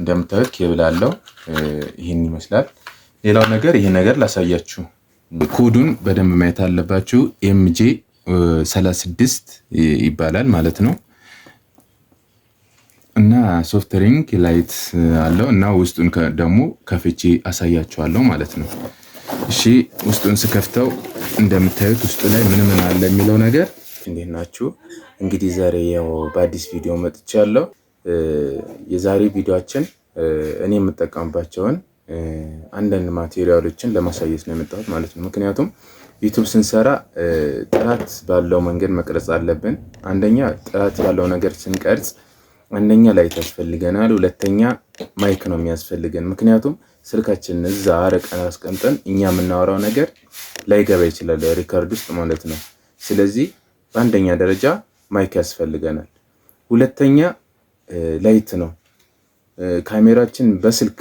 እንደምታዩት ኬብል አለው። ይህን ይመስላል። ሌላው ነገር ይሄ ነገር ላሳያችሁ፣ ኮዱን በደንብ ማየት አለባችሁ። ኤምጄ 36 ይባላል ማለት ነው እና ሶፍትሪንግ ላይት አለው እና ውስጡን ደግሞ ከፍቼ አሳያችኋለሁ ማለት ነው። እሺ ውስጡን ስከፍተው እንደምታዩት ውስጡ ላይ ምን ምን አለ የሚለው ነገር እንዴት ናችሁ? እንግዲህ ዛሬ ያው በአዲስ ቪዲዮ መጥቻለሁ። የዛሬ ቪዲዮችን እኔ የምጠቀምባቸውን አንዳንድ ማቴሪያሎችን ለማሳየት ነው የመጣሁት ማለት ነው። ምክንያቱም ዩቱብ ስንሰራ ጥራት ባለው መንገድ መቅረጽ አለብን። አንደኛ ጥራት ባለው ነገር ስንቀርጽ አንደኛ ላይት ያስፈልገናል፣ ሁለተኛ ማይክ ነው የሚያስፈልገን። ምክንያቱም ስልካችንን እዛ አረቀን አስቀምጠን እኛ የምናወራው ነገር ላይገባ ይችላል ሪከርድ ውስጥ ማለት ነው። ስለዚህ በአንደኛ ደረጃ ማይክ ያስፈልገናል። ሁለተኛ ላይት ነው። ካሜራችን በስልክ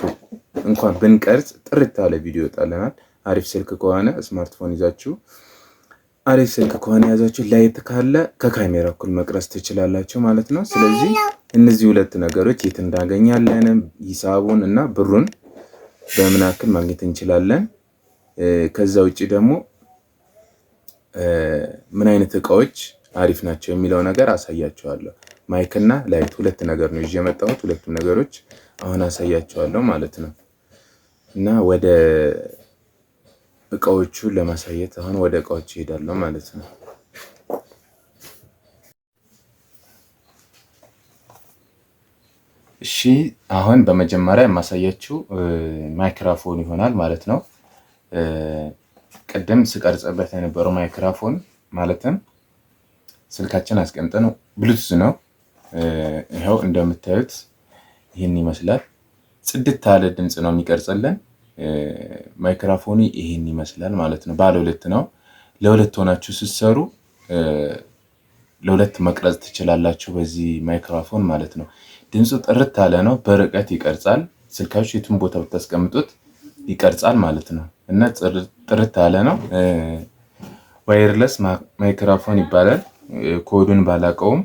እንኳን ብንቀርጽ ጥርት ያለ ቪዲዮ ይወጣልናል። አሪፍ ስልክ ከሆነ ስማርትፎን ይዛችሁ አሪፍ ስልክ ከሆነ የያዛችሁ ላይት ካለ ከካሜራ እኩል መቅረጽ ትችላላችሁ ማለት ነው። ስለዚህ እነዚህ ሁለት ነገሮች የት እንዳገኛለን፣ ሂሳቡን እና ብሩን በምን ያክል ማግኘት እንችላለን። ከዛ ውጭ ደግሞ ምን አይነት እቃዎች አሪፍ ናቸው የሚለው ነገር አሳያችኋለሁ። ማይክ እና ላይት ሁለት ነገር ነው ይዤ የመጣሁት። ሁለቱም ነገሮች አሁን አሳያቸዋለሁ ማለት ነው። እና ወደ እቃዎቹ ለማሳየት አሁን ወደ እቃዎቹ ይሄዳለሁ ማለት ነው። እሺ አሁን በመጀመሪያ የማሳያችው ማይክራፎን ይሆናል ማለት ነው። ቅድም ስቀርጽበት የነበረው ማይክራፎን ማለትም ስልካችን አስቀምጠን ብሉቱዝ ነው ይኸው እንደምታዩት ይህን ይመስላል። ጽድት ያለ ድምፅ ነው የሚቀርጽልን። ማይክራፎኑ ይህን ይመስላል ማለት ነው። ባለ ሁለት ነው። ለሁለት ሆናችሁ ስትሰሩ ለሁለት መቅረጽ ትችላላችሁ በዚህ ማይክራፎን ማለት ነው። ድምፁ ጥርት ያለ ነው። በርቀት ይቀርጻል። ስልካችሁ የቱን ቦታ ብታስቀምጡት ይቀርጻል ማለት ነው እና ጥርት ያለ ነው። ዋይርለስ ማይክራፎን ይባላል። ኮዱን ባላቀውም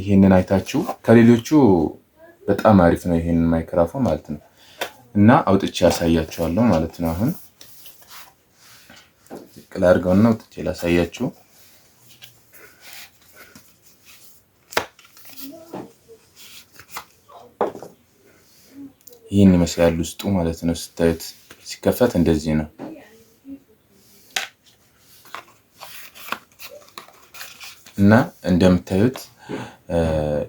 ይህንን አይታችሁ ከሌሎቹ በጣም አሪፍ ነው ይህንን ማይክራፎን ማለት ነው። እና አውጥቼ ያሳያችኋለሁ ማለት ነው። አሁን ቅል አድርገውና አውጥቼ ላሳያችሁ። ይህን ይመስላል ውስጡ ማለት ነው። ስታዩት ሲከፈት እንደዚህ ነው። እና እንደምታዩት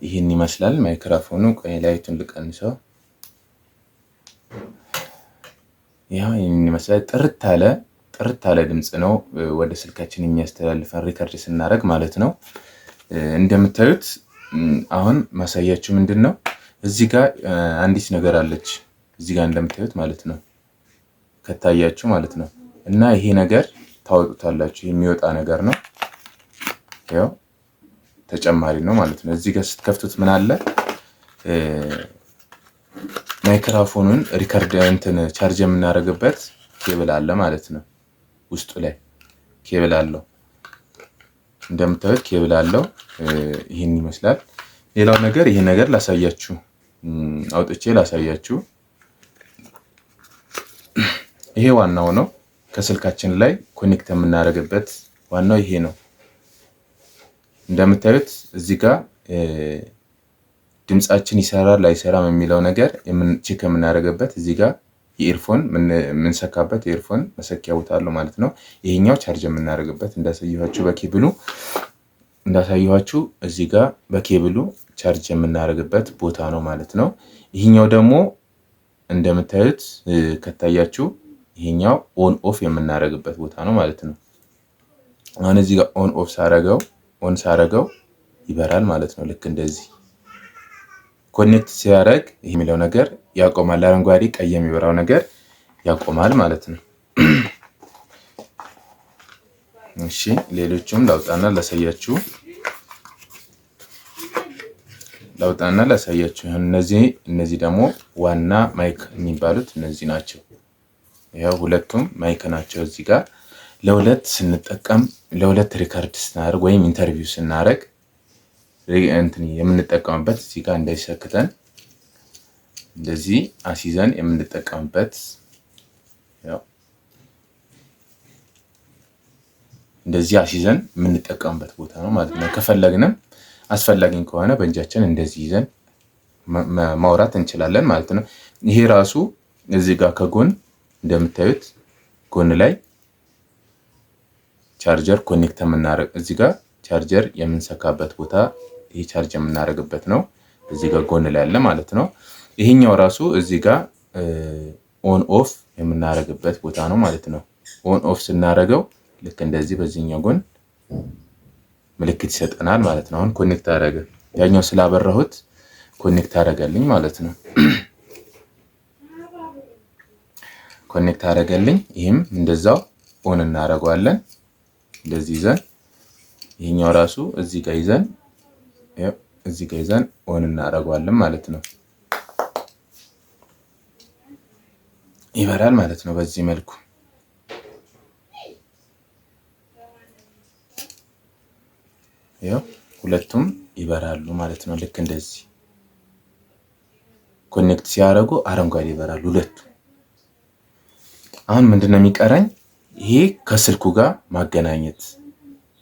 ይህን ይመስላል። ማይክራፎኑ ቆይ ላይቱን ልቀንሰው። ያው ይህን ይመስላል። ጥርት ያለ ጥርት አለ ድምፅ ነው ወደ ስልካችን የሚያስተላልፈን ሪከርድ ስናደርግ ማለት ነው። እንደምታዩት አሁን ማሳያችሁ ምንድን ነው እዚህ ጋር አንዲት ነገር አለች እዚህ ጋር እንደምታዩት ማለት ነው ከታያችሁ ማለት ነው። እና ይሄ ነገር ታወጡታላችሁ የሚወጣ ነገር ነው ያው ተጨማሪ ነው ማለት ነው። እዚህ ጋር ስትከፍቱት ምን አለ ማይክራፎኑን ሪከርድ እንትን ቻርጅ የምናደርግበት ኬብል አለ ማለት ነው። ውስጡ ላይ ኬብል አለው እንደምታዩት ኬብል አለው። ይህን ይመስላል። ሌላው ነገር ይሄ ነገር ላሳያችሁ፣ አውጥቼ ላሳያችሁ። ይሄ ዋናው ነው፣ ከስልካችን ላይ ኮኔክት የምናደርግበት ዋናው ይሄ ነው። እንደምታዩት እዚህ ጋር ድምጻችን ይሰራል አይሰራም የሚለው ነገር ቼክ የምናደርግበት እዚህ ጋር የኤርፎን የምንሰካበት የኤርፎን መሰኪያ ቦታ አለው ማለት ነው። ይሄኛው ቻርጅ የምናደርግበት እንዳሳየኋችሁ በኬብሉ እንዳሳየኋችሁ እዚህ ጋር በኬብሉ ቻርጅ የምናደርግበት ቦታ ነው ማለት ነው። ይሄኛው ደግሞ እንደምታዩት ከታያችሁ ይሄኛው ኦን ኦፍ የምናደርግበት ቦታ ነው ማለት ነው። አሁን እዚህ ጋር ኦን ኦፍ ሳረገው ኦን ሳረገው ይበራል ማለት ነው። ልክ እንደዚህ ኮኔክት ሲያደርግ ይህ የሚለው ነገር ያቆማል። አረንጓዴ ቀይ የሚበራው ነገር ያቆማል ማለት ነው። እሺ ሌሎችም ላውጣና ላሳያችሁ ለውጣና ላሳያችሁ። እነዚህ እነዚህ ደግሞ ዋና ማይክ የሚባሉት እነዚህ ናቸው። ይኸው ሁለቱም ማይክ ናቸው እዚህ ጋር ለሁለት ስንጠቀም ለሁለት ሪከርድ ስናደርግ ወይም ኢንተርቪው ስናደርግ እንትን የምንጠቀምበት እዚህ ጋር እንዳይሰክተን እንደዚህ አሲዘን የምንጠቀምበት እንደዚህ አሲዘን የምንጠቀምበት ቦታ ነው ማለት ነው። ከፈለግንም አስፈላጊን ከሆነ በእንጃችን እንደዚህ ይዘን ማውራት እንችላለን ማለት ነው። ይሄ ራሱ እዚህ ጋር ከጎን እንደምታዩት ጎን ላይ ቻርጀር ኮኔክት የምናደርግ እዚህ ጋር ቻርጀር የምንሰካበት ቦታ ይሄ ቻርጅ የምናደርግበት ነው። እዚህ ጋር ጎን ላይ ያለ ማለት ነው። ይሄኛው ራሱ እዚህ ጋር ኦን ኦፍ የምናደርግበት ቦታ ነው ማለት ነው። ኦን ኦፍ ስናደርገው ልክ እንደዚህ በዚህኛው ጎን ምልክት ይሰጠናል ማለት ነው። አሁን ኮኔክት አደረገ። ያኛው ስላበራሁት ኮኔክት አደረገልኝ ማለት ነው። ኮኔክት አደረገልኝ። ይህም እንደዛው ኦን እናደርገዋለን። እንደዚህ ይዘን ይሄኛው ራሱ እዚህ ጋር ይዘን እዚህ ጋር ይዘን ኦን እናደርገዋለን ማለት ነው። ይበራል ማለት ነው። በዚህ መልኩ ያው ሁለቱም ይበራሉ ማለት ነው። ልክ እንደዚህ ኮኔክት ሲያደርጉ አረንጓዴ ይበራሉ ሁለቱ። አሁን ምንድን ነው የሚቀረኝ? ይሄ ከስልኩ ጋር ማገናኘት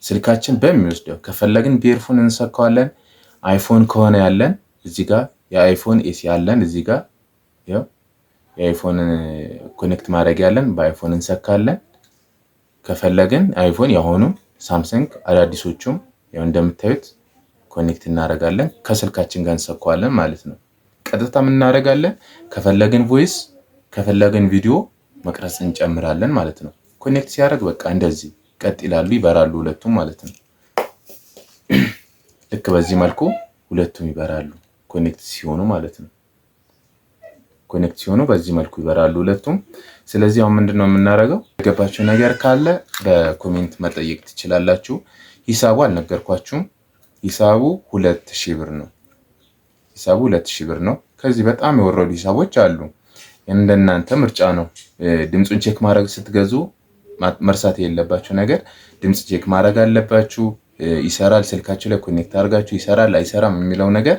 ስልካችን በሚወስደው ከፈለግን ቢርፎን እንሰካዋለን። አይፎን ከሆነ ያለን እዚህ ጋር የአይፎን ኤስ ያለን እዚህ ጋር የአይፎን ኮኔክት ማድረግ ያለን በአይፎን እንሰካለን። ከፈለግን አይፎን የሆኑ ሳምሰንግ አዳዲሶቹም ያው እንደምታዩት ኮኔክት እናደርጋለን ከስልካችን ጋር እንሰካዋለን ማለት ነው። ቀጥታም እናደርጋለን። ከፈለግን ቮይስ ከፈለግን ቪዲዮ መቅረጽ እንጨምራለን ማለት ነው። ኮኔክት ሲያደርግ በቃ እንደዚህ ቀጥ ይላሉ፣ ይበራሉ ሁለቱም ማለት ነው። ልክ በዚህ መልኩ ሁለቱም ይበራሉ ኮኔክት ሲሆኑ ማለት ነው። ኮኔክት ሲሆኑ በዚህ መልኩ ይበራሉ ሁለቱም። ስለዚህ አሁን ምንድን ነው የምናደርገው? የገባችሁ ነገር ካለ በኮሜንት መጠየቅ ትችላላችሁ። ሂሳቡ አልነገርኳችሁም። ሂሳቡ ሁለት ሺህ ብር ነው። ሂሳቡ ሁለት ሺህ ብር ነው። ከዚህ በጣም የወረዱ ሂሳቦች አሉ። እንደናንተ ምርጫ ነው። ድምፁን ቼክ ማድረግ ስትገዙ መርሳት የለባችሁ ነገር ድምፅ ቼክ ማድረግ አለባችሁ። ይሰራል፣ ስልካችሁ ላይ ኮኔክት አድርጋችሁ ይሰራል አይሰራም የሚለው ነገር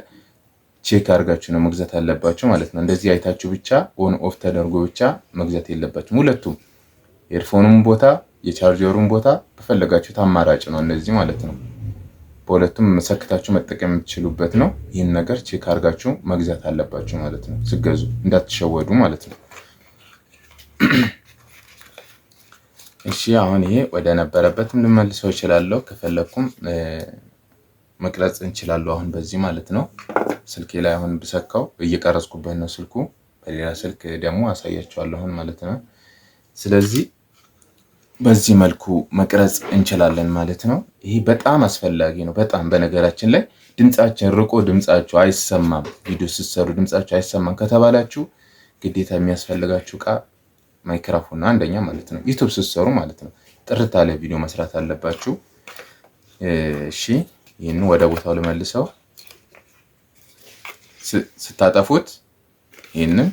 ቼክ አድርጋችሁ ነው መግዛት አለባችሁ ማለት ነው። እንደዚህ አይታችሁ ብቻ ኦን ኦፍ ተደርጎ ብቻ መግዛት የለባችሁም። ሁለቱም ኤርፎኑም ቦታ የቻርጀሩን ቦታ በፈለጋችሁት አማራጭ ነው እነዚህ ማለት ነው። በሁለቱም መሰክታችሁ መጠቀም የምትችሉበት ነው። ይህን ነገር ቼክ አድርጋችሁ መግዛት አለባችሁ ማለት ነው። ስገዙ እንዳትሸወዱ ማለት ነው። እሺ አሁን ይሄ ወደ ነበረበትም ልመልሰው እችላለሁ ከፈለኩም መቅረጽ እንችላለሁ። አሁን በዚህ ማለት ነው። ስልኬ ላይ አሁን ብሰካው እየቀረጽኩበት ነው ስልኩ። በሌላ ስልክ ደግሞ አሳያቸዋለሁ አሁን ማለት ነው። ስለዚህ በዚህ መልኩ መቅረጽ እንችላለን ማለት ነው። ይሄ በጣም አስፈላጊ ነው። በጣም በነገራችን ላይ ድምፃችን ርቆ ድምፃችሁ አይሰማም ቪዲዮ ስትሰሩ ድምፃችሁ አይሰማም ከተባላችሁ ግዴታ የሚያስፈልጋችሁ እቃ ማይክራፎን አንደኛ ማለት ነው። ዩቱብ ስትሰሩ ማለት ነው ጥርት ያለ ቪዲዮ መስራት አለባችሁ። እሺ ይህን ወደ ቦታው ልመልሰው። ስታጠፉት ይህንን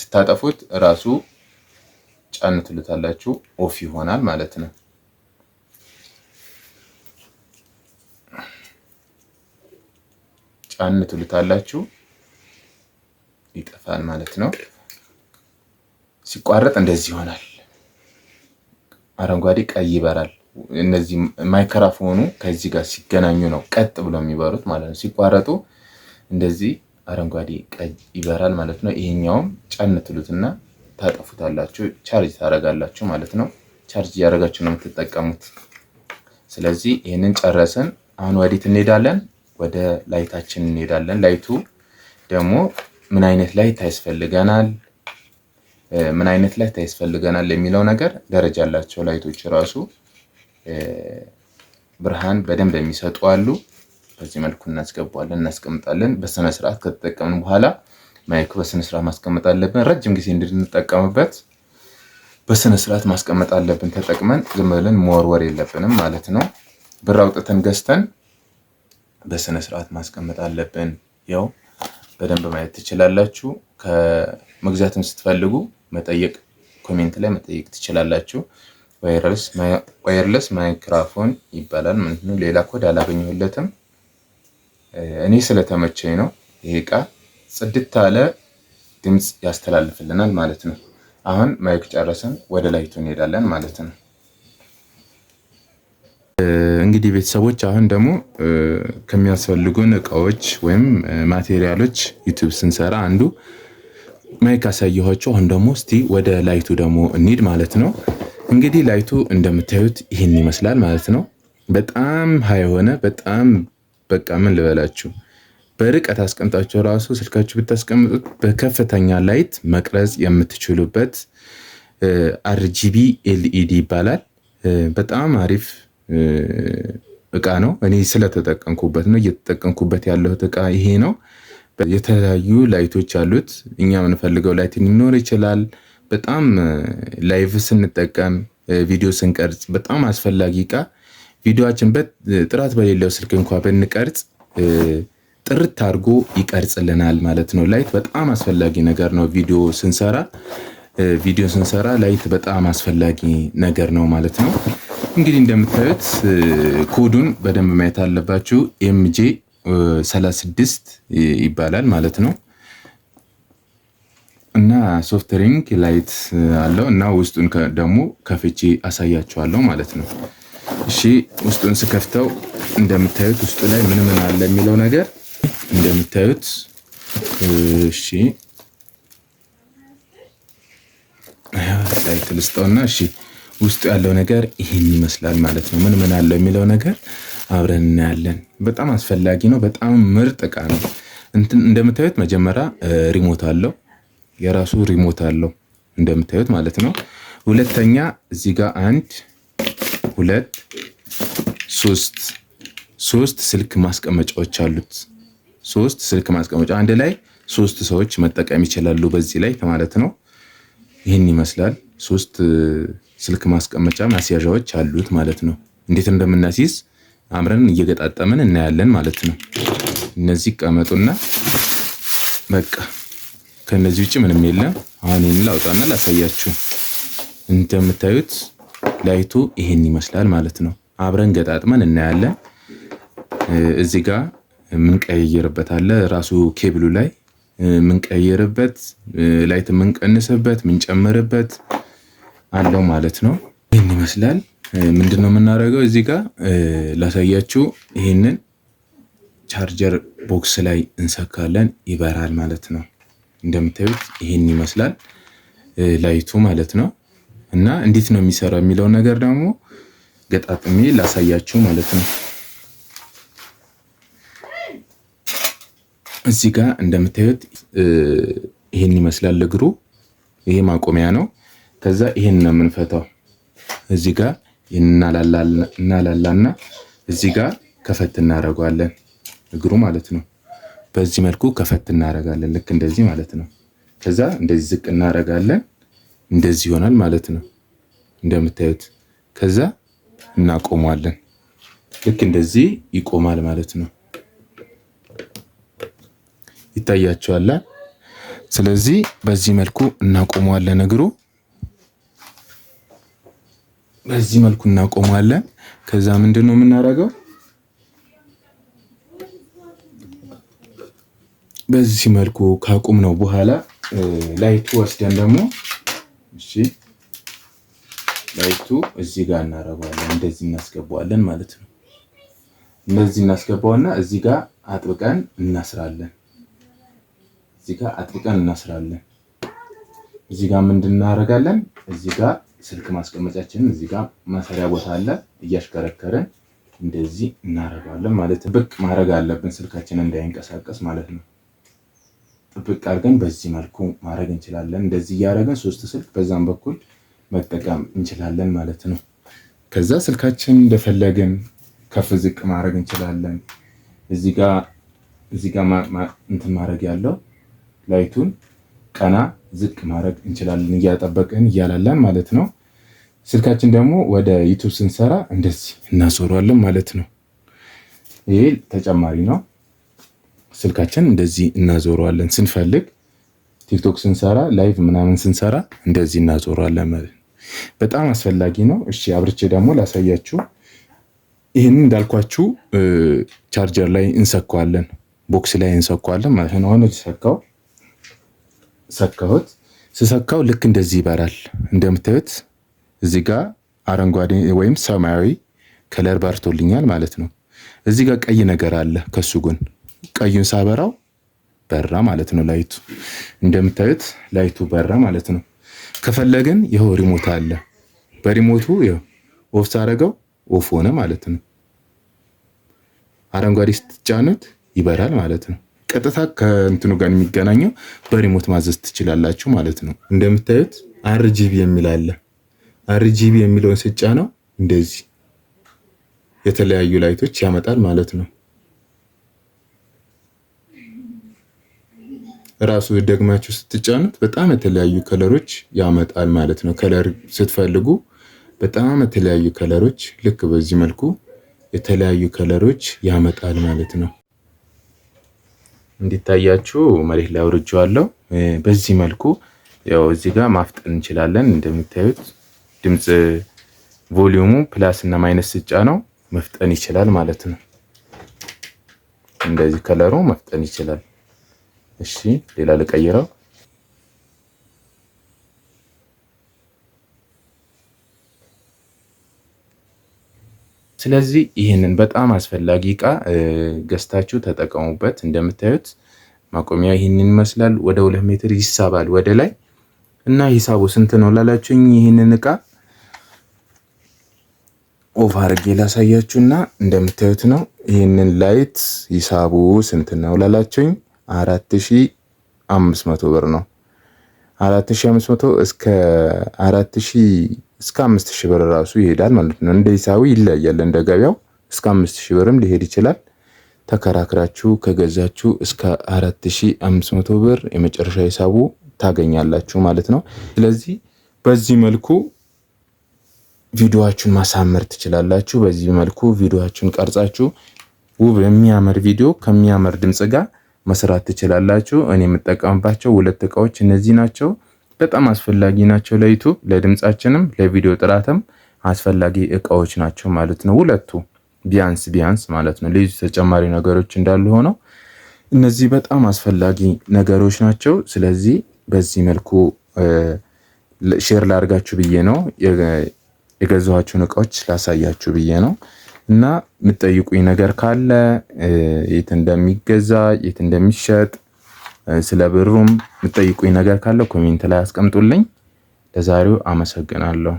ስታጠፉት እራሱ ጫን ትሉታላችሁ ኦፍ ይሆናል ማለት ነው። ጫን ትሉታላችሁ ይጠፋል ማለት ነው። ሲቋረጥ እንደዚህ ይሆናል። አረንጓዴ ቀይ ይበራል። እነዚህ ማይክራፎኑ ከዚህ ጋር ሲገናኙ ነው ቀጥ ብሎ የሚበሩት ማለት ነው። ሲቋረጡ እንደዚህ አረንጓዴ ቀይ ይበራል ማለት ነው። ይሄኛውም ጫን ትሉትና ታጠፉታላችሁ፣ ቻርጅ ታደርጋላችሁ ማለት ነው። ቻርጅ እያደረጋችሁ ነው የምትጠቀሙት። ስለዚህ ይህንን ጨረስን። አሁን ወዴት እንሄዳለን? ወደ ላይታችን እንሄዳለን። ላይቱ ደግሞ ምን አይነት ላይት ያስፈልገናል? ምን አይነት ላይት ያስፈልገናል የሚለው ነገር ደረጃ ያላቸው ላይቶች ራሱ ብርሃን በደንብ የሚሰጡ አሉ። በዚህ መልኩ እናስገባለን እናስቀምጣለን። በስነስርዓት ስርዓት ከተጠቀምን በኋላ ማይክ በስነ ስርዓት ማስቀመጥ አለብን። ረጅም ጊዜ እንድንጠቀምበት በስነስርዓት ስርዓት ማስቀመጥ አለብን። ተጠቅመን ዝም ብለን መወርወር የለብንም ማለት ነው። ብር አውጥተን ገዝተን በስነ ስርዓት ማስቀመጥ አለብን። ያው በደንብ ማየት ትችላላችሁ። ከመግዛትም ስትፈልጉ መጠየቅ ኮሜንት ላይ መጠየቅ ትችላላችሁ። ዋየርለስ ማይክራፎን ይባላል ማለት ነው። ሌላ ኮድ አላገኘሁለትም። እኔ ስለተመቸኝ ነው። ይሄ እቃ ጽድት ያለ ድምፅ ያስተላልፍልናል ማለት ነው። አሁን ማይክ ጨረሰን ወደ ላይቱ እንሄዳለን ማለት ነው። እንግዲህ ቤተሰቦች አሁን ደግሞ ከሚያስፈልጉን እቃዎች ወይም ማቴሪያሎች ዩቱብ ስንሰራ አንዱ ማይክ አሳየኋቸው። አሁን ደግሞ እስቲ ወደ ላይቱ ደግሞ እንሂድ ማለት ነው። እንግዲህ ላይቱ እንደምታዩት ይህን ይመስላል ማለት ነው። በጣም ሀይ የሆነ በጣም በቃ ምን ልበላችሁ በርቀት አስቀምጣችሁ ራሱ ስልካችሁ ብታስቀምጡት በከፍተኛ ላይት መቅረጽ የምትችሉበት አርጂቢ ኤልኢዲ ይባላል። በጣም አሪፍ እቃ ነው። እኔ ስለተጠቀምኩበት ነው እየተጠቀምኩበት ያለሁት እቃ ይሄ ነው። የተለያዩ ላይቶች አሉት። እኛ የምንፈልገው ላይት ሊኖር ይችላል። በጣም ላይቭ ስንጠቀም ቪዲዮ ስንቀርጽ በጣም አስፈላጊ እቃ ቪዲዮችን ጥራት በሌለው ስልክ እንኳ ብንቀርጽ ጥርት አድርጎ ይቀርጽልናል ማለት ነው። ላይት በጣም አስፈላጊ ነገር ነው። ቪዲዮ ስንሰራ ቪዲዮ ስንሰራ ላይት በጣም አስፈላጊ ነገር ነው ማለት ነው። እንግዲህ እንደምታዩት ኮዱን በደንብ ማየት አለባችሁ ኤምጄ 36 ይባላል ማለት ነው። እና ሶፍት ሪንግ ላይት አለው እና ውስጡን ደግሞ ከፍቼ አሳያቸዋለሁ ማለት ነው። እሺ ውስጡን ስከፍተው እንደምታዩት ውስጡ ላይ ምን ምን አለ የሚለው ነገር እንደምታዩት እሺ ላይት ልስጠውና እሺ ውስጡ ያለው ነገር ይህን ይመስላል ማለት ነው። ምን ምን አለው የሚለው ነገር አብረን እናያለን። በጣም አስፈላጊ ነው። በጣም ምርጥ እቃ ነው። እንደምታዩት መጀመሪያ ሪሞት አለው። የራሱ ሪሞት አለው እንደምታዩት ማለት ነው። ሁለተኛ እዚህ ጋር አንድ ሁለት ሶስት ሶስት ስልክ ማስቀመጫዎች አሉት። ሶስት ስልክ ማስቀመጫ አንድ ላይ ሶስት ሰዎች መጠቀም ይችላሉ በዚህ ላይ ማለት ነው። ይህን ይመስላል። ሶስት ስልክ ማስቀመጫ ማስያዣዎች አሉት ማለት ነው። እንዴት እንደምናስይዝ አምረን እየገጣጠመን እናያለን ማለት ነው። እነዚህ ቀመጡና በቃ ከነዚህ ውጭ ምንም የለም። አሁን ይህን ላውጣና ላሳያችሁ። እንደምታዩት ላይቱ ይሄን ይመስላል ማለት ነው። አብረን ገጣጥመን እናያለን። እዚህ ጋ ምንቀየርበት አለ ራሱ ኬብሉ ላይ የምንቀያየርበት ላይት የምንቀንስበት፣ የምንጨምርበት አለው ማለት ነው። ይህን ይመስላል። ምንድን ነው የምናደርገው? እዚህ ጋር ላሳያችሁ። ይህንን ቻርጀር ቦክስ ላይ እንሰካለን፣ ይበራል ማለት ነው። እንደምታዩት ይህን ይመስላል ላይቱ ማለት ነው። እና እንዴት ነው የሚሰራው የሚለውን ነገር ደግሞ ገጣጥሜ ላሳያችሁ ማለት ነው። እዚህ ጋር እንደምታዩት ይህን ይመስላል እግሩ። ይሄ ማቆሚያ ነው። ከዛ ይህን ነው የምንፈታው እዚህ ጋር እናላላና እዚህ ጋር ከፈት እናደርገዋለን። እግሩ ማለት ነው። በዚህ መልኩ ከፈት እናደርጋለን። ልክ እንደዚህ ማለት ነው። ከዛ እንደዚህ ዝቅ እናደርጋለን። እንደዚህ ይሆናል ማለት ነው እንደምታዩት። ከዛ እናቆመዋለን። ልክ እንደዚህ ይቆማል ማለት ነው። ይታያችኋል። ስለዚህ በዚህ መልኩ እናቆመዋለን እግሩ በዚህ መልኩ እናቆማለን። ከዛ ምንድን ነው የምናደርገው? በዚህ መልኩ ካቁም ነው በኋላ ላይቱ ወስደን ደግሞ እሺ፣ ላይቱ እዚህ ጋር እናረገዋለን። እንደዚህ እናስገባዋለን ማለት ነው። እንደዚህ እናስገባውና እዚህ ጋር አጥብቀን እናስራለን። እዚህ ጋር አጥብቀን እናስራለን። እዚህ ጋር ምንድን እናደርጋለን? እዚህ ጋር ስልክ ማስቀመጫችንን እዚህ ጋር ማሰሪያ ቦታ አለ። እያሽከረከረን እንደዚህ እናረጋለን ማለት ብቅ ማድረግ አለብን፣ ስልካችን እንዳይንቀሳቀስ ማለት ነው። ጥብቅ አድርገን በዚህ መልኩ ማድረግ እንችላለን። እንደዚህ እያደረገን ሶስት ስልክ በዛም በኩል መጠቀም እንችላለን ማለት ነው። ከዛ ስልካችን እንደፈለግን ከፍ ዝቅ ማድረግ እንችላለን። እዚህ ጋር እንትን ማድረግ ያለው ላይቱን ቀና ዝቅ ማድረግ እንችላለን፣ እያጠበቅን እያላለን ማለት ነው። ስልካችን ደግሞ ወደ ዩቱብ ስንሰራ እንደዚህ እናዞረዋለን ማለት ነው። ይሄ ተጨማሪ ነው። ስልካችን እንደዚህ እናዞረዋለን ስንፈልግ፣ ቲክቶክ ስንሰራ፣ ላይቭ ምናምን ስንሰራ እንደዚህ እናዞረዋለን ማለት ነው። በጣም አስፈላጊ ነው። እሺ አብርቼ ደግሞ ላሳያችሁ። ይህን እንዳልኳችሁ ቻርጀር ላይ እንሰካዋለን፣ ቦክስ ላይ እንሰካዋለን ማለት ነው። አሁን የተሰካው ሰካሁት። ስሰካው ልክ እንደዚህ ይበራል። እንደምታዩት እዚህ ጋ አረንጓዴ ወይም ሰማያዊ ከለር በርቶልኛል ማለት ነው። እዚህ ጋር ቀይ ነገር አለ ከሱ ጎን ቀዩን ሳበራው በራ ማለት ነው። ላይቱ እንደምታዩት ላይቱ በራ ማለት ነው። ከፈለግን ይኸው ሪሞት አለ። በሪሞቱ ኦፍ ሳረገው ኦፍ ሆነ ማለት ነው። አረንጓዴ ስትጫኑት ይበራል ማለት ነው። ቀጥታ ከእንትኑ ጋር የሚገናኘው በሪሞት ማዘዝ ትችላላችሁ ማለት ነው። እንደምታዩት አርጂቢ የሚል አለ። አርጂቢ የሚለውን ስጫ ነው እንደዚህ የተለያዩ ላይቶች ያመጣል ማለት ነው። ራሱ ደግማችሁ ስትጫኑት በጣም የተለያዩ ከለሮች ያመጣል ማለት ነው። ከለር ስትፈልጉ በጣም የተለያዩ ከለሮች ልክ በዚህ መልኩ የተለያዩ ከለሮች ያመጣል ማለት ነው። እንዲታያችሁ መሬት ላይ አውርጄዋለሁ። በዚህ መልኩ ያው እዚህ ጋር ማፍጠን እንችላለን። እንደምታዩት ድምፅ ቮሊዩሙ ፕላስ እና ማይነስ ስጫ ነው መፍጠን ይችላል ማለት ነው። እንደዚህ ከለሩ መፍጠን ይችላል። እሺ ሌላ ልቀይረው። ስለዚህ ይህንን በጣም አስፈላጊ እቃ ገዝታችሁ ተጠቀሙበት። እንደምታዩት ማቆሚያ ይህንን ይመስላል። ወደ ሁለት ሜትር ይሳባል ወደ ላይ እና ሂሳቡ ስንት ነው ላላችሁኝ ይህንን እቃ ኦፍ አድርጌ ላሳያችሁና እንደምታዩት ነው። ይህንን ላይት ሂሳቡ ስንት ነው ላላችሁኝ አራት ሺ አምስት መቶ ብር ነው። አራት ሺ አምስት መቶ እስከ አራት ሺ እስከ አምስት ሺህ ብር ራሱ ይሄዳል ማለት ነው። እንደ ሂሳቡ ይለያያል። እንደ ገበያው እስከ አምስት ሺህ ብርም ሊሄድ ይችላል። ተከራክራችሁ ከገዛችሁ እስከ አራት ሺህ አምስት መቶ ብር የመጨረሻ ሂሳቡ ታገኛላችሁ ማለት ነው። ስለዚህ በዚህ መልኩ ቪዲዮዋችሁን ማሳመር ትችላላችሁ። በዚህ መልኩ ቪዲዮዋችሁን ቀርጻችሁ ውብ የሚያምር ቪዲዮ ከሚያምር ድምፅ ጋር መስራት ትችላላችሁ። እኔ የምጠቀምባቸው ሁለት እቃዎች እነዚህ ናቸው። በጣም አስፈላጊ ናቸው። ለዩቱብ ለድምጻችንም ለቪዲዮ ጥራትም አስፈላጊ እቃዎች ናቸው ማለት ነው። ሁለቱ ቢያንስ ቢያንስ ማለት ነው። ልዩ ተጨማሪ ነገሮች እንዳሉ ሆነው እነዚህ በጣም አስፈላጊ ነገሮች ናቸው። ስለዚህ በዚህ መልኩ ሼር ላርጋችሁ ብዬ ነው የገዛኋችሁን እቃዎች ላሳያችሁ ብዬ ነው። እና የምትጠይቁኝ ነገር ካለ የት እንደሚገዛ የት እንደሚሸጥ ስለ ብሩም የምትጠይቁኝ ነገር ካለው ኮሜንት ላይ አስቀምጡልኝ። ለዛሬው አመሰግናለሁ።